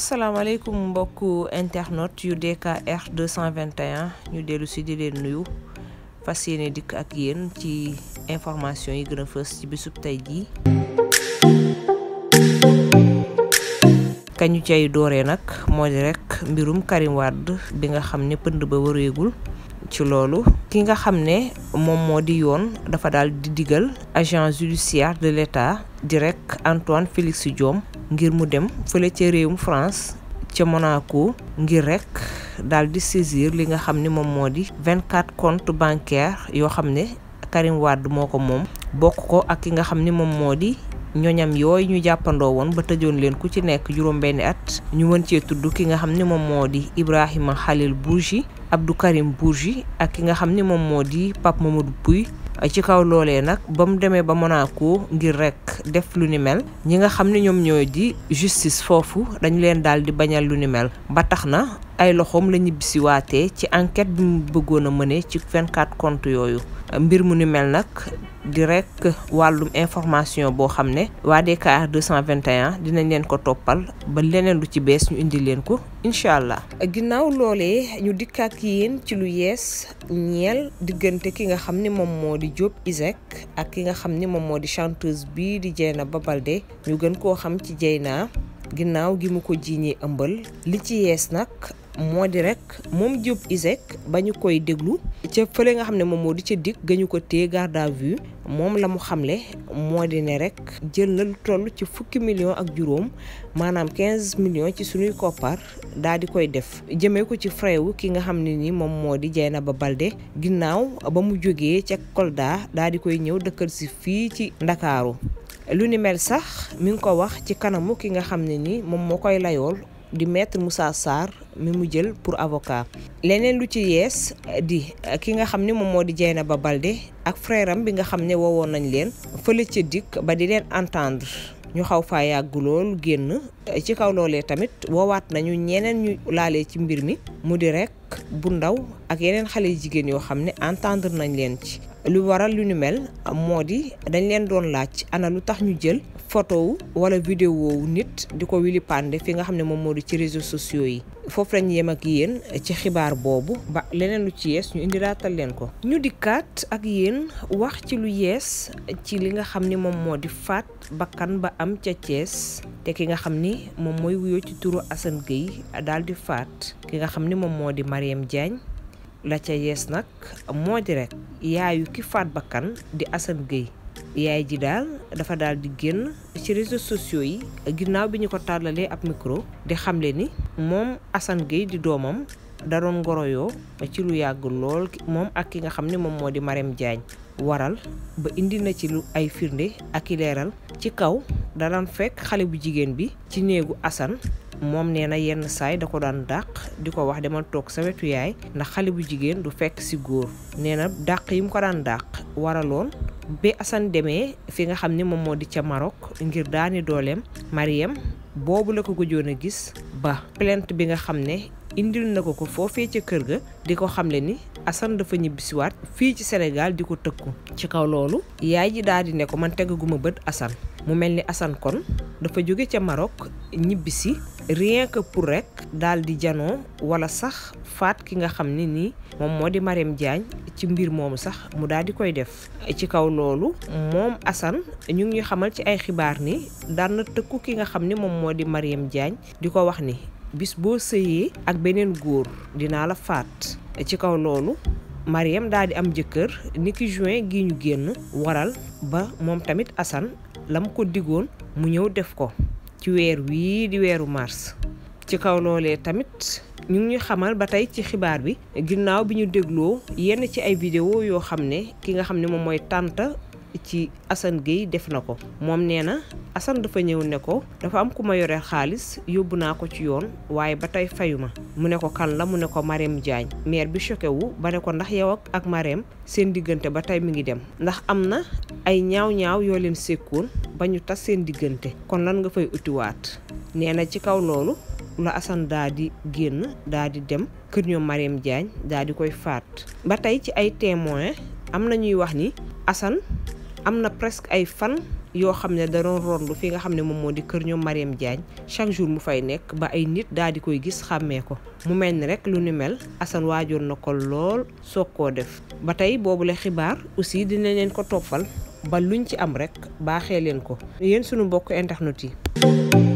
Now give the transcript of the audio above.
asalaamaaleykum mbokku internet yu DKR 221 ñu dellu si di leen nuyu fas yéene dikk ak yéen ci information yi gën fës ci bisub tey jii. kañu cay dooree nag moo di rek mbirum Karim Wade bi nga xam ne pënd ba wëreegul ci loolu ki nga xam ne moom moo di yoon dafa daal di digal agent judiciaire de l' état di rek Antoine Félix Diome ngir mu dem fële ca réewum France ca Monaco ngir rek daal di saisir li nga xam ni moom moo di 24 comptes bancaires yoo xam ne Karim Wade moo ko moom bokk ko ak ki nga xam ni moom moo di ñoñam yooyu ñu jàppandoo woon ba tëjoon leen ku ci nekk juróom-benni at ñu mën cee tudd ki nga xam ni moom moo di Ibrahima Khalil Bourgi Abdou Karim Bourgi ak ki nga xam ni moom moo di Pape Mamadou Pouye ci kaw loole nag ba mu demee ba Monaco ngir rek def lu ni mel ñi nga xam ne ñoom ñoo di justice foofu dañu leen daal di bañal lu ni mel ba tax na ay loxoom la ñibbisiwaatee ci enquête bi mu bëggoon a mëne ci 24 comptes yooyu mbir mu ni mel nag di rek wàllum information boo xam ne waa DKR 221 dinañ leen ko toppal ba leneen lu ci bees ñu indi leen ko incha allah. ginnaaw loole ñu dikkaat yéen ci lu yees ñeel diggante ki nga xam ni moom moo di Diop Iseg ak ki nga xam ni moom moo di chanteuse bii di Dieynaba Baldé ñu gën koo xam ci Dieyna ginnaaw gi mu ko jiiñee ëmbal li ci yees nag moo di rek moom Diop ISEG ba ñu koy déglu ca fële nga xam ne moom moo di ca dig gañu ko téye garde à vue moom la mu xamle moo di ne rek jël na lu toll ci fukki million ak juróom maanaam 15 millions ci sunuy koppar daa di koy def jëmee ko ci frewu ki nga xam ne ni moom moo di na ba Balde ginnaaw ba mu jógee ca Kolda daa di koy ñëw dëkkal si fii ci Ndakaaru lu ni mel sax mi nga ko wax ci kanamu ki nga xam ne ni moom moo koy layool di maître Moussa saar mi mu jël pour avocat leneen lu ci yees di ki nga xam ne moom moo di Dieynaba Balde ak frère bi nga xam ne wowoon nañ leen fële ci dikk ba di leen entendre ñu xaw fa yàgg lool génn ci kaw loolee tamit woowaat nañu ñeneen ñu laalee ci mbir mi mu di rek bu ndaw ak yeneen xale jigéen yoo xam ne entendre nañ leen ci lu waral lu ñu mel moo di dañ leen doon laaj ana lu tax ñu jël photo wu wala vidéo wu nit di ko wili pande fi nga xam ne moom moo di ci réseau sociaux yi foofu lañ yem ak yéen ci xibaar boobu ba leneen lu ci yees ñu indi indiraatal leen ko ñu di dikkaat ak yéen wax ci lu yees ci li nga xam ni moom moo di faat bakkan ba am ca Thiès te ki nga xam ni moom mooy ci turu Assane Gueye daal di faat ki nga xam ni moom moo di Mariam Diagne la ca yees nag moo di rek yaayu ki faat bakkan di Assane Gueye yaay ji daal dafa daal di génn ci réseaux sociaux yi ginnaaw bi ñu ko tàllalee ab micro di xamle ni moom Assane Gueye di doomam da doon ngoroyoo ci lu yàgg lool moom ak ki nga xam ne moom moo di Marème Diagne waral ba indi na ci lu ay firnde ak i leeral ci kaw da fekk xale bu jigéen bi ci néegu Assane moom nee na yenn saay da ko daan dàq di ko wax demal toog sa wetu yaay ndax xale bu jigéen du fekk si góor nee na dàq yi mu ko daan dàq waraloon bi Assane demee fi nga xam ne moom moo di ca Maroc ngir daani dooleem Mariam boobu la ko gëjoon a gis ba plainte bi nga xam ne indil na ko ko foofee ca kër ga di ko xamle ni Assane dafa ñibbisiwaat fii ci Sénégal di ko tëkku ci kaw loolu yaay ji daal di ne ko man tegaguma bët Assane mu mel ni Assane kon dafa jóge ca Maroc ñibbisi rien que pour rek daal di janoo wala sax faat ki nga xam ne nii moom moo di Marème Diagne ci mbir moomu sax mu daal di koy def ci kaw loolu moom Assane ñu ngi xamal ci ay xibaar ni daan na tëkku ki nga xam ne moom moo di Marème Diagne di ko wax ni bis boo sëyee ak beneen góor dinaa la faat E ci kaw loolu Mariam daal di am jëkkër niki juin gi ñu génn waral ba moom tamit Assane lam ko digoon mu ñëw def ko ci weer wii di weeru mars ci kaw loolee tamit ñu ngi ñu xamal ba tey ci xibaar bi ginnaaw bi ñu dégloo yenn ci ay vidéo yoo xam ne ki nga xam ne moom mooy tante ci Assane Gueye def na ko moom nee na Assane dafa ñëw ne ko dafa am ku ma yore xaalis yóbbu naa ko ci yoon waaye ba tey fayu ma mu ne ko kan la mu ne ko Marème Diagne maire bi choqué wu ba ne ko ndax yow ak ak Marème seen diggante ba tey mi ngi dem ndax am na ay ñaaw-ñaaw yoo leen sekkoon ba ñu tas seen diggante kon lan nga fay utiwaat nee na ci kaw loolu la Assane daa di génn daa di dem kër ñoom Marème Diagne daa di koy faat ba tey ci ay témoin am na ñuy wax ni Assane am na presque ay fan yoo xam ne da doon rondu fi nga xam ne moom moo di kër ñoom Mariam Diagne chaque jour mu fay nekk ba ay nit daal di koy gis xàmmee ko mu mel ni rek lu nu mel Assane waajoon na ko lool soog koo def ba tey boobu boobule xibaar aussi dina leen ko toppal ba luñ ci am rek baaxee leen ko yéen suñu mbokk internet yi.